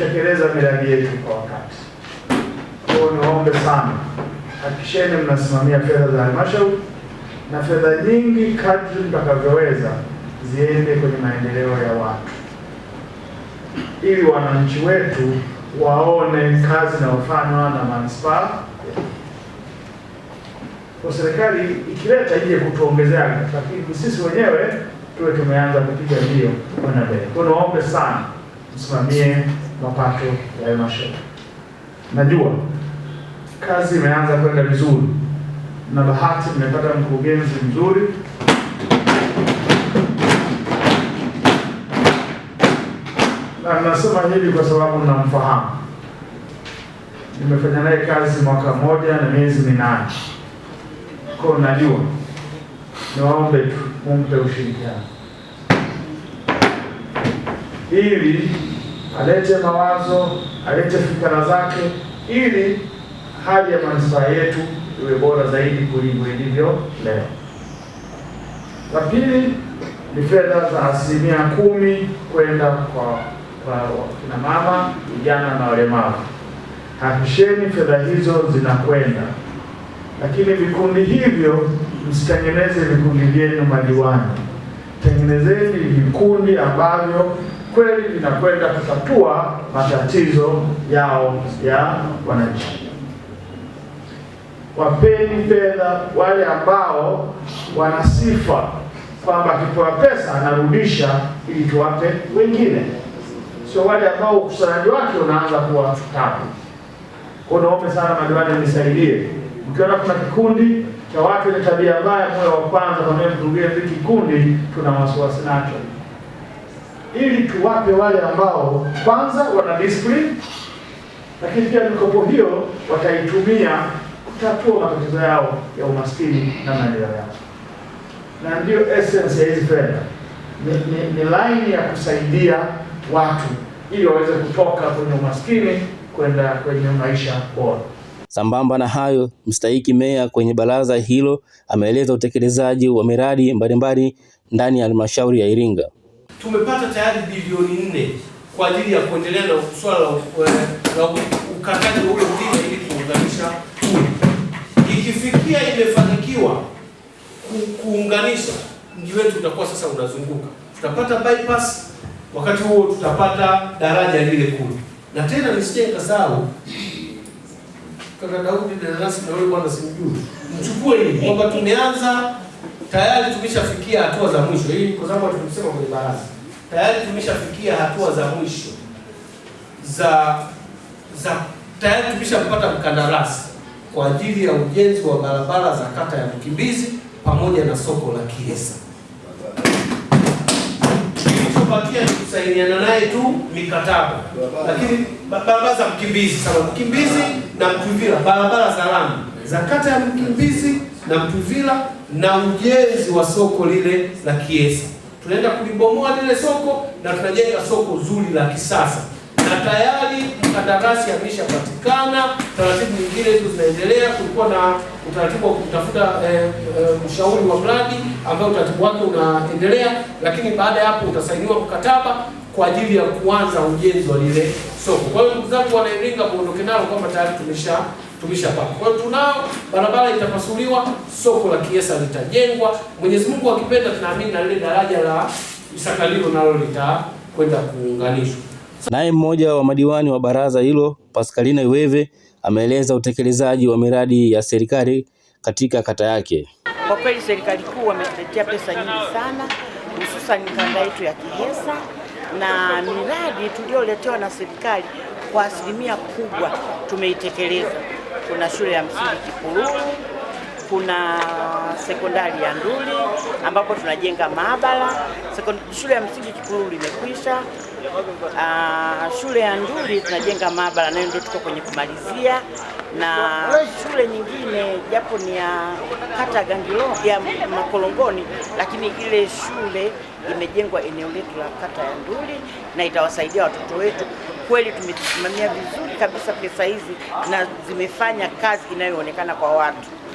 kutekeleza miradi yetu kwa wakati. Kwa hiyo sana, hakikisheni mnasimamia fedha za halmashauri na fedha nyingi kadri mtakavyoweza ziende kwenye maendeleo ya watu, ili wananchi wetu waone kazi inayofanywa na manispaa. Kwa serikali ikileta ije kutuongezea, lakini sisi wenyewe tuwe tumeanza kupiga mbio kwenda mbele. Kwa niwaombe sana msimamie mapato ya halmashauri. Najua kazi imeanza kwenda vizuri na bahati nimepata mkurugenzi mzuri na nasema hivi kwa sababu namfahamu, nimefanya naye kazi mwaka mmoja na miezi minane, kwa najua. Niwaombe tu mumpe ushirikiano ili alete mawazo, alete fikra zake, ili hali ya manispaa yetu iwe bora zaidi kuliko ilivyo leo. La pili ni fedha za asilimia kumi kwenda kwa kwa kina mama, vijana na walemavu. Hakisheni fedha hizo zinakwenda, lakini vikundi hivyo msitengeneze vikundi vyenu madiwani, tengenezeni vikundi ambavyo kweli vinakwenda kutatua matatizo yao ya wananchi. Wapeni fedha wale ambao wana sifa kwamba akipewa pesa anarudisha ili tuwape wengine, sio wale ambao ukusanyaji wake unaanza kuwa tabu. Kwa naombe sana madiwani nisaidie, mkiona kuna kikundi cha watu wenye tabia mbaya, moyo wa kwanza kwa mimi kikundi tuna wasiwasi nacho ili tuwape wale ambao kwanza wana discipline, lakini pia mikopo hiyo wataitumia kutatua matatizo yao ya umaskini na maendeleo yao. Na ndiyo essence ya hizi fedha, ni, ni, ni laini ya kusaidia watu ili waweze kutoka kwenye umaskini kwenda kwenye maisha bora. Sambamba na hayo, mstahiki meya kwenye baraza hilo ameeleza utekelezaji wa miradi mbalimbali ndani ya halmashauri ya Iringa tumepata tayari bilioni nne kwa ajili ya kuendelea na swala la eh, ukataji wa ule mlima ili kuunganisha Ikifikia imefanikiwa kuunganisha, mji wetu utakuwa sasa unazunguka, tutapata bypass, wakati huo tutapata daraja lile kuu. Na tena nisije nikasahau, kaka Daudi na Darasi na wewe bwana, simjui mchukue kwamba tumeanza tayari tumeshafikia hatua za mwisho hii, kwa sababu tumesema kwenye baraza tayari tumeshafikia hatua za mwisho za za tayari tumeshapata mkandarasi kwa ajili ya ujenzi wa barabara za kata ya Mkimbizi pamoja na soko la Kiesa. Kilichobakia ni kusainiana naye tu mikataba, lakini barabara za Mkimbizi, sababu Mkimbizi na Mtuvila, barabara za lami za kata ya Mkimbizi na Mtuvila na ujenzi wa soko lile la Kiesa. Tunaenda kulibomoa lile soko na tunajenga soko zuri la kisasa, na tayari mkandarasi ameshapatikana. Taratibu nyingine hizo zinaendelea. Kulikuwa na utaratibu wa e, e, mshauri wa mradi ambayo utaratibu wake unaendelea, lakini baada ya hapo utasainiwa mkataba kwa ajili ya kuanza ujenzi wa lile soko. Kwa hiyo ndugu zangu wanaeringa muondoke nalo kwamba tayari tumesha tumeshapata. Kwa hiyo tunao, barabara itapasuliwa, soko la Kiesa litajengwa, Mwenyezi Mungu akipenda, tunaamini na lile daraja la Isakalilo nalo litakwenda kuunganishwa. Naye mmoja wa madiwani wa baraza hilo Pascalina Iweve ameeleza utekelezaji wa miradi ya serikali katika kata yake. Kwa kweli serikali kuu wametuletea pesa nyingi sana, hususan kanda yetu ya Kiesa na miradi tuliyoletewa na serikali kwa asilimia kubwa tumeitekeleza kuna shule ya msingi Kipululu, kuna sekondari ya Nduli ambapo tunajenga maabara. Shule ya msingi Kipululu imekwisha. Uh, shule ya Nduli tunajenga maabara nayo ndio tuko kwenye kumalizia, na shule nyingine japo ni ya kata Gangilo ya Makolongoni, lakini ile shule imejengwa eneo letu la kata ya Nduli na itawasaidia watoto wetu kweli tumezisimamia vizuri kabisa pesa hizi na zimefanya kazi inayoonekana kwa watu.